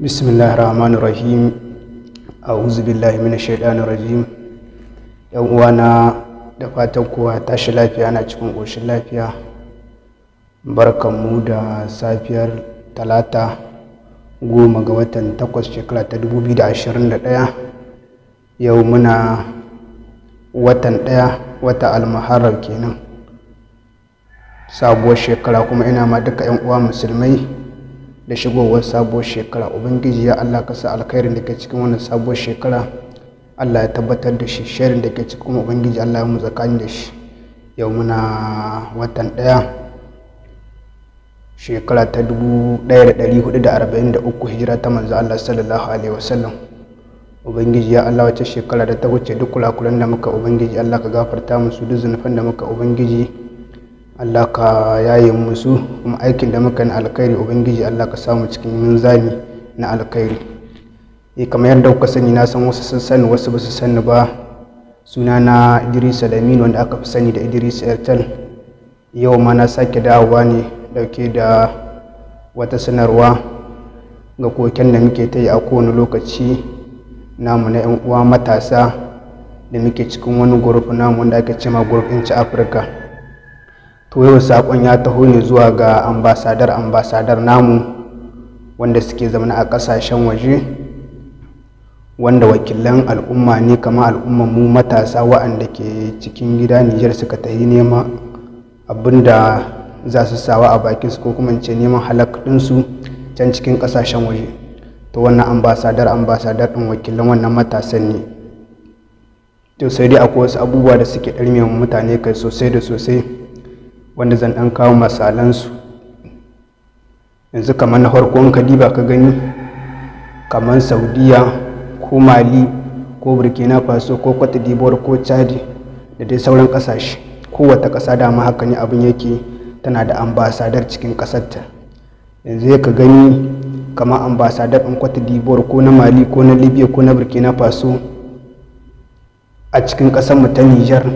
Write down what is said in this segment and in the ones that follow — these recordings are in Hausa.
بسم الله الرحمن الرحيم أعوذ بالله من ‘yan uwana da fatan kowa tashi lafiya na cikin ƙoshin lafiya mu da safiyar talata goma ga watan takwas shekara ta dubu da da ashirin ɗaya. yau muna watan ɗaya wata almaharar kenan sabuwar shekara kuma ina ma duka ‘yan uwa musulmai da shigowar sabuwar shekara ubangiji ya allah ka sa alkhairin da ke cikin wannan sabuwar shekara allah ya tabbatar da shi sharin da ke cikin ubangiji allah ya mu tsakani da shi yau muna watan ɗaya shekara ta 1443 hijira ta manzo allah sallallahu alaihi wasallam ubangiji ya allah wace shekara da ta wuce duk kulakulan da muka ubangiji allah ka gafarta musu duk zunufan da muka ubangiji Allah ka yayin musu kuma aikin da muka na alkhairi ubangiji Allah ka samu cikin munzani na alkhairi eh kamar yadda kuka sani na san wasu sun sani wasu ba su sani ba suna na Idris Alamin wanda aka fi sani da Idris Airtel yau ma na sake dawowa ne dauke da wata sanarwa ga koken da muke ta yi a kowane lokaci namu na 'yan uwa matasa da muke cikin wani gurfi namu wanda ake ce ma gurfin ci afirka to yau saƙon ya taho ne zuwa ga ambasadar ambasadar namu wanda suke zama a ƙasashen waje wanda wakilan al'umma ne kama al'ummar mu matasa wa'anda ke cikin gida nijar suka tahi nema abinda za su sawa a su ko kuma ce neman halak can cikin kasashen waje to wannan ambasadar ambasadar ɗin wakilan wannan matasan ne to sai dai akwai wasu abubuwa da suke ɗarmiyar mutane kai sosai da sosai wanda zan ɗan kawo masalansu yanzu kamar na farkon kadiba ka gani kaman saudiya ko mali ko burkina faso ko kwata ko chadi da dai sauran ƙasashe kowata ƙasa dama haka ne abin yake tana da ambasadar cikin ƙasarta yanzu ka gani kamar ambasadar in kwata d'ivoire ko na mali ko na libya ko na burkina faso a cikin mu ta nijar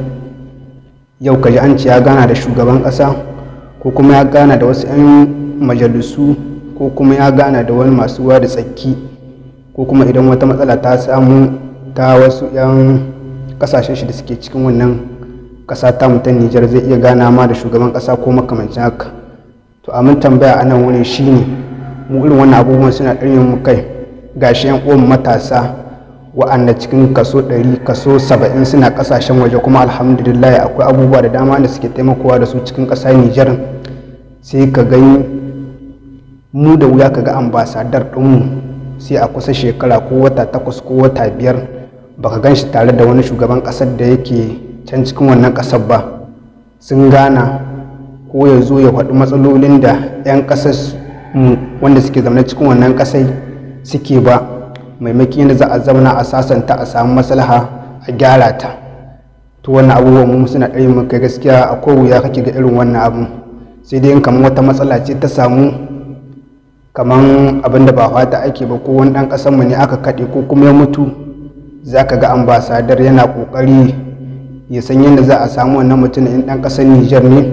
yau ka ji an ce ya gana da shugaban kasa ko kuma ya gana da wasu 'yan majalisu ko kuma ya gana da wani masu ruwa da tsaki ko kuma idan wata matsala ta samu ta wasu 'yan ƙasashen shi da suke cikin wannan ƙasa ta mutan nijar zai iya gana ma da shugaban kasa ko makamancin haka to a mun tambaya anan wani shine mu irin wannan abubuwan suna ɗanyen mu kai gashi 'yan uwan matasa wa'anda cikin kaso 100 kaso 70 suna kasashen waje kuma alhamdulillah akwai abubuwa da dama da suke taimakowa da su cikin kasa Nijar sai ka gani mu da wuya ka ga ambasadar ɗinmu sai a kusa shekara ko wata takwas ko wata biyar baka gan shi tare da wani shugaban ƙasar da yake can cikin wannan ƙasar ba sun gana ko ya zo ya faɗi matsalolin da 'yan ƙasar wanda suke zaune cikin wannan ƙasai suke ba maimakon yadda za a zauna a sasanta a samu maslaha a gyara ta to wannan abubuwan mu suna ɗari mu kai gaskiya a wuya kake ga irin wannan abu sai dai kamar wata matsala ce ta samu kamar abin da ba fata ake ba ko wani ɗan mu ne aka kaɗe ko kuma ya mutu za ka ga ambasadar yana ƙoƙari ya san yadda za a samu wannan mutum in ɗan ƙasar Nijar ne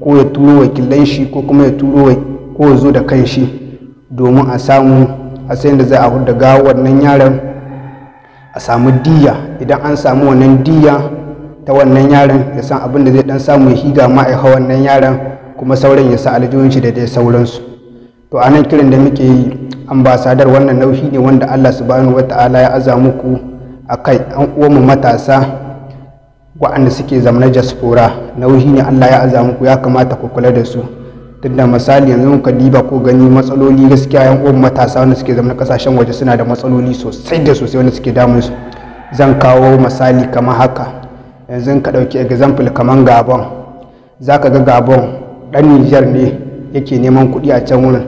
ko ya turo wakilan shi ko kuma ya turo ko ya zo da kan shi domin a samu a sai da zai ahudu da gawo wannan yaren a samu diya idan an samu wannan diya ta wannan yaren ya san abin da zai dan samu ya higa ma a hawan wannan yaren kuma sauran ya sa aljihunci da dai sauransu to a nan kiran da muke yi ambasadar wannan nauhi ne wanda Allah subhanahu ta'ala ya aza muku a kai an mu matasa wa'anda suke zamanar jaspora nauhi ne Allah ya aza muku ya kamata ku kula da su duk da misali yanzu ka diba ko gani matsaloli gaskiya yan uwan matasa wanda suke zama na kasashen waje suna da matsaloli sosai da sosai wanda suke damun su zan kawo misali kamar haka yanzu ka ɗauki example kamar gabon za ka ga gabon ɗan nijar ne yake neman kuɗi a can wurin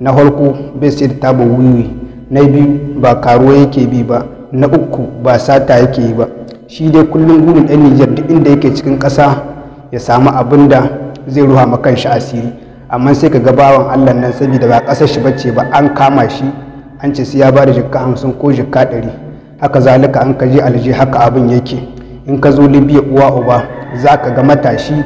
na farko bai sai da taba wiwi na biyu ba karuwa yake bi ba na uku ba sata yake yi ba shi dai kullum gurin ɗan nijar duk inda yake cikin ƙasa ya samu abin da zai ruha makan shi asiri amma sai ka ga bawan Allah nan saboda ba kasar shi bace ba an kama shi an ce sai ya bada jikka hamsin ko jikka ɗari haka zalika an je alje haka abin yake in ka zo libya uwa uba za ka ga matashi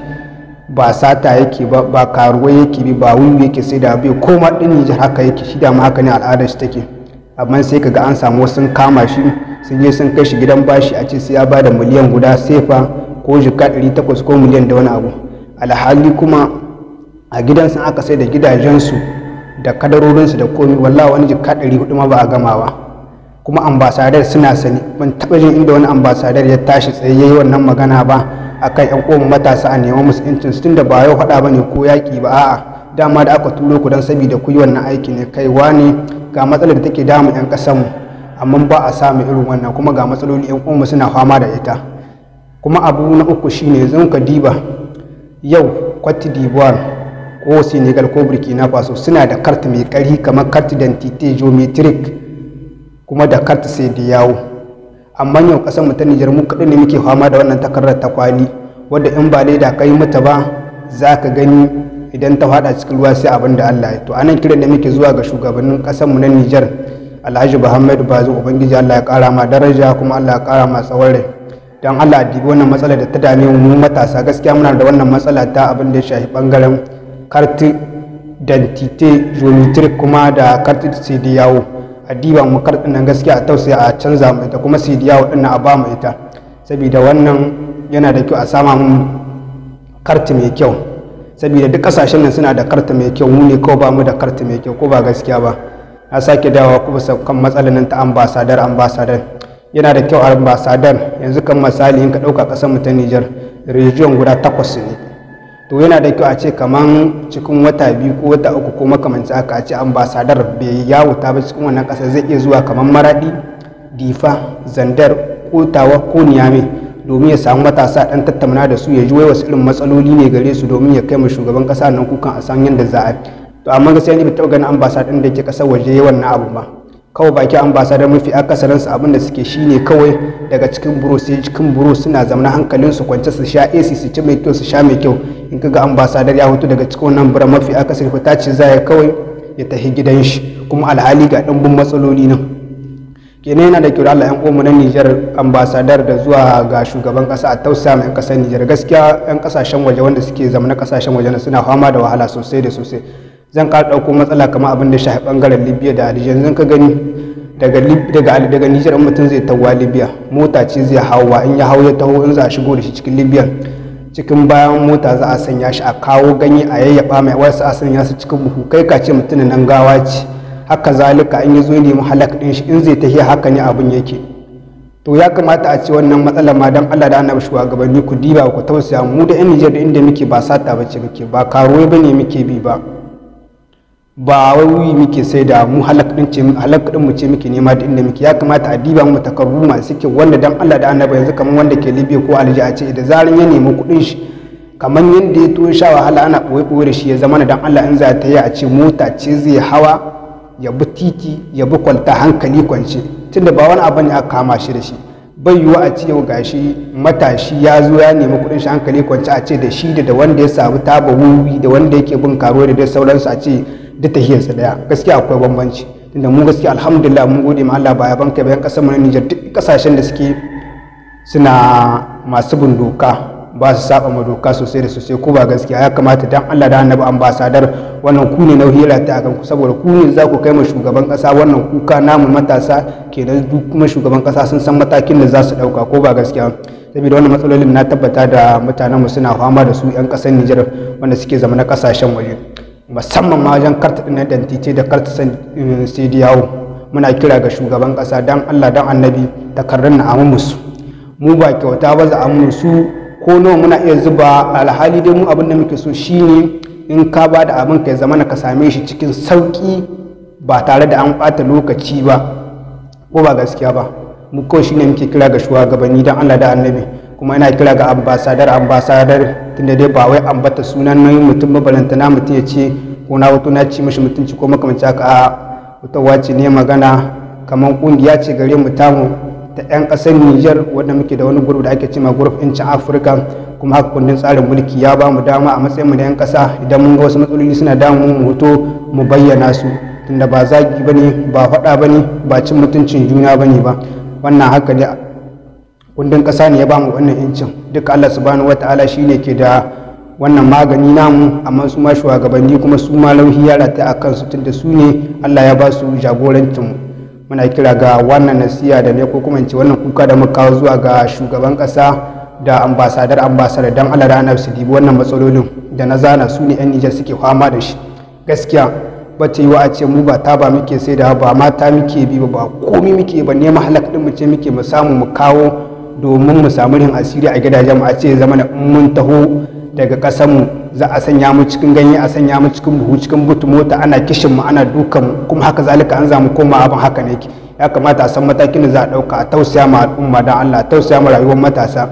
ba sata yake ba ba karuwa yake bi ba wuyu yake sai da bai koma din nijar haka yake shi da ma haka ne al'adar shi take amma sai ka ga an samu sun kama shi sun je sun kai shi gidan bashi a ce sai ya bada miliyan guda sefa ko jikka ɗari takwas ko miliyan da wani abu alhali kuma a gidan su aka sai da gidajensu da kadarorinsu da komi wallawa wani jikka ɗari hudu ma ba a gama ba kuma ambasadar suna sani ban taɓa jin inda wani ambasadar ya tashi tsaye ya yi wannan magana ba a kan yan uwan matasa a neman musu incin tun da ba yau faɗa ba ne ko yaƙi ba a'a dama da aka turo ku don sabida ku yi wannan aiki ne kaiwa ne ga matsalar da take damu yan ƙasanmu amma ba a samu irin wannan kuma ga matsaloli yan uwanmu suna fama da ita kuma abu na uku shine zan ka diba yau kwati d'ivoire ko senegal ko burkina faso suna da kart mai kari kamar kart dantite geometric kuma da kart sai da yawo amma yau kasar mu ta nijar mu kaɗai ne muke fama da wannan takarar ta kwali wadda in ba da kai mata ba za ka gani idan ta faɗa cikin ruwa sai abin da allah ya to anan kiran da muke zuwa ga shugabannin kasar mu na nijar alhaji muhammad bazu ubangiji allah ya kara ma daraja kuma allah ya kara ma tsawon rai don allah dibi wannan matsala da ta dame mu matasa gaskiya muna da wannan matsala ta abin da ya shafi bangaren karti dantite geometric kuma da karti yawo a diba mu karti nan gaskiya a tausaya a canza mu ita kuma yawo din a ba mu ita saboda wannan yana da kyau a sama mu karti mai kyau saboda duk kasashen nan suna da karti mai kyau mu ne kawai ba mu da karti mai kyau ko ba gaskiya ba na sake dawowa kuma kan matsalar nan ta ambassador ambasadar yana da kyau ambassador yanzu kan misali in ka ɗauka kasar mu ta Nijar rijiyon guda takwas ne to yana da kyau a ce kaman cikin wata biyu ko wata uku ko makamanci aka a ce ambasadar bai yawo ta ba cikin wannan ƙasa zai iya zuwa kaman maraɗi difa zandar ko tawa ko niyame domin ya samu matasa ɗan tattauna da su ya ji wai wasu irin matsaloli ne gare su domin ya kai mu shugaban ƙasa nan kukan a san yadda za a to amma gaskiya ni bai taɓa ganin ambasadar da ke ƙasar waje wannan abu ba kawai baki ambasadar mafi akasarin su da suke shi ne kawai daga cikin buro sai cikin buro suna zamana hankalin su kwance su sha AC su ci mai kyau su sha mai kyau in ga ambasadar ya hutu daga cikin wannan bura mafi akasari fita ce za ya kawai ya tafi gidan shi kuma alhali ga ɗumbin matsaloli nan kenan yana da kyau Allah yan uwanmu nan Nijar ambasadar da zuwa ga shugaban kasa a tausa mai kasar niger gaskiya yan kasashen waje wanda suke zamana kasashen waje suna fama da wahala sosai da sosai zan ka ɗauko matsala kamar abin da shafi ɓangaren libya da algeria zan ka gani daga daga nijar mutum zai tawa libya mota ce zai hawa in ya hau ya taho in za a shigo da shi cikin libya cikin bayan mota za a sanya shi a kawo ganye a yayyaba mai wasu a sanya su cikin buhu kai ka ce mutumin nan gawa ce haka zalika in ya zo nemi halak din shi in zai tafiya haka ne abin yake to ya kamata a ce wannan matsalar ma dan Allah da annabi shugabanni ku diba ku tausaya mu da yan Nijar da inda muke ba sata bace muke ba karuwai bane muke bi ba ba wai muke sai da mu halak mu ce muke nema da inda muke ya kamata a diba mu takarru masu kyau wanda dan Allah da annaba yanzu kamar wanda ke Libya ko alji a ce da zarin ya nemi kuɗin shi kamar yadda ya to sha wahala ana ɓoye ɓoye da shi ya zama dan Allah in za ta yi a ce mota ce zai hawa ya bi titi ya bi kwalta hankali kwance tunda ba wani abu ne kama shi da shi bai yiwu a ce yau gashi matashi ya zo ya nemi kuɗin shi hankali kwance a ce da shi da wanda ya samu taba da wanda yake bin karo da dai sauransu a ce da tahiyarsa daya gaskiya akwai bambanci tunda mu gaskiya alhamdulillah mun gode ma Allah baya banka bayan kasar mu na Niger duk kasashen da suke suna masu bin doka ba su saba ma doka sosai da sosai ko ba gaskiya ya kamata dan Allah da Annabi ambasadar wannan ku ne nauyi ta akan ku saboda ku ne za ku kai ma shugaban kasa wannan kuka namu matasa kenan duk kuma shugaban kasa sun san matakin da za su dauka ko ba gaskiya saboda wannan matsalolin na tabbata da mutanenmu suna fama da su 'yan kasar Nijar wanda suke zama na kasashen waje. musamman ma wajen karta na ce da karta eh, cdao muna kira ga shugaban kasa dan allah dan annabi takarrun na amu musu mu ba kyauta ba za a su ko nawa muna iya zuba alhali dai mu abin da muke so shine in ka ba da abin kai zamana ka same shi cikin sauki ba tare da an bata lokaci ba ko ba gaskiya ba mu kawai shine muke kira ga shugabanni don allah da annabi kuma yana kira ga ambasadar ambasadar tunda dai ba wai ambata sunan nan mutum balantana mutum ya ce ko na wato na ci mashi mutunci ko makamanci haka a wata wace ne magana kamar kungiya ce gare mu tamu ta 'yan kasar Nijar wanda muke da wani gurbi da ake ma gurbi 'yancin Afirka kuma haka kundin tsarin mulki ya ba mu dama a matsayin mu na 'yan kasa idan mun ga wasu matsaloli suna damu mu hoto mu bayyana su tunda ba zagi bane ba faɗa bane ba cin mutuncin juna bane ba wannan haka ne kundin ƙasa ne ya bamu wannan incin duka Allah subhanahu wata'ala shine ke da wannan magani namu amma su ma shugabanni kuma su ma lauhi ya rata a kansu tunda su ne Allah ya ba su jagorancin muna kira ga wannan nasiya da ne ko kuma in ce wannan kuka da muka zuwa ga shugaban ƙasa da ambasadar ambasadar don Allah ranar su dibi wannan matsalolin da na zana su ne 'yan Nijar suke fama da shi gaskiya ba ta yi wa a ce mu ba ta ba muke sai da ba mata muke bi ba komi muke ba ne halak din mu ce muke mu samu mu kawo domin mu samu rin asiri a gidajen mu a ce zama na mun taho daga ƙasar mu za a sanya mu cikin ganye a sanya mu cikin buhu cikin butu mota ana kishin mu ana dukan kuma haka zalika an zamu koma abin haka ne ya kamata a san matakin da za a ɗauka a tausaya ma al'umma don Allah a tausaya ma rayuwar matasa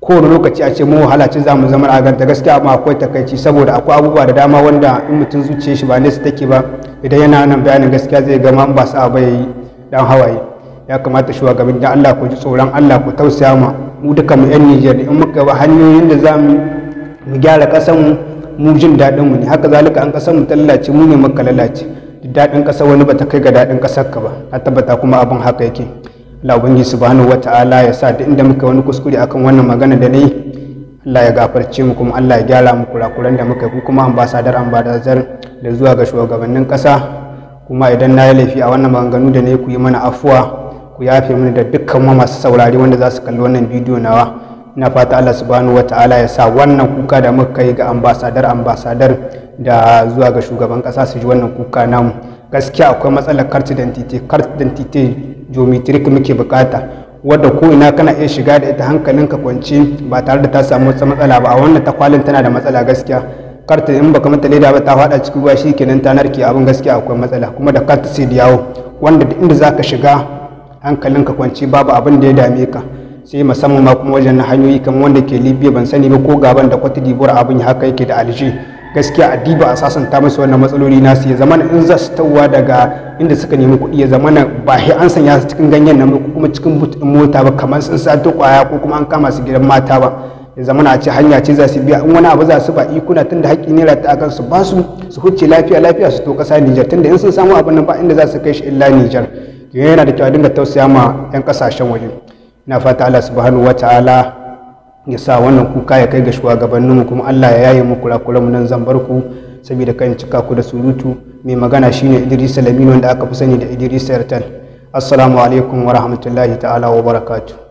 kowane lokaci a ce mu wahala ce za mu zama a ganta gaskiya amma akwai takaici saboda akwai abubuwa da dama wanda in mutum zuciyar shi ba nesa take ba idan yana nan bayanin gaskiya zai gama ba sa bai dan hawaye ya kamata shugaban da Allah ku ji tsoron Allah ku tausaya ma mu duka mu yan Nijar in muka ba hanyoyin da za mu gyara ƙasar mu mu jin daɗin mu ne haka zalika an ƙasar mu ta mu ne muka lalace daɗin ƙasar wani ba ta kai ga daɗin ƙasar ka ba a tabbata kuma abin haka yake Allah ubangiji subhanahu wata'ala ya sa duk inda muka wani kuskure akan wannan magana da nayi Allah ya gafarce mu kuma Allah ya gyara mu kurakuran da muka yi kuma ambasadar ambasadar da zuwa ga shugabannin ƙasa kuma idan na yi laifi a wannan maganganu da ne ku yi mana afuwa ku yafe mini da dukkan ma masu saurari wanda za su kalli wannan bidiyo nawa ina fata Allah subhanahu wataala ya sa wannan kuka da muka kai ga ambasadar ambasadar da zuwa ga shugaban kasa su ji wannan kuka namu gaskiya akwai matsalar carte identity carte identity geometric muke bukata wadda ko ina kana iya shiga da ita hankalinka kwance ba tare da ta samu wata matsala ba a wannan takwalin tana da matsala gaskiya karta in baka mata leda ba ta fada ciki ba kenan ta narke abin gaskiya akwai matsala kuma da karta sai yawo wanda duk inda zaka shiga hankalin ka kwanci babu abin da ya dame ka sai musamman ma kuma wajen hanyoyi kamar wanda ke libya ban sani ba ko gaban da kwata dibura abin haka yake da alje gaskiya adiba a ta musu wannan matsaloli nasu ya zamana in za su tauwa daga inda suka nemi kuɗi ya zamana ba sai an sanya su cikin ganyen nan ko kuma cikin mota ba kamar sun ta kwaya ko kuma an kama su gidan mata ba ya zamana a ce hanya ce za su biya in wani abu za su ba ikuna tunda haƙƙi naira ta akan su ba su su huce lafiya lafiya su to ƙasa Nijar tunda in sun samu abin nan ba inda za su kai shi illa Nijar yana da kyau a dinga tausaya ma 'yan kasashen waje ina fata Allah subhanahu wa ta'ala ya sa wannan kuka ya kai ga mu kuma Allah ya yaye mu kurakuranmu nan zan bar ku saboda kan cika ku da surutu mai magana shine Idris Salamin wanda aka fi sani da Idris Yartan assalamu alaikum wa rahmatullahi ta'ala wa barakatuh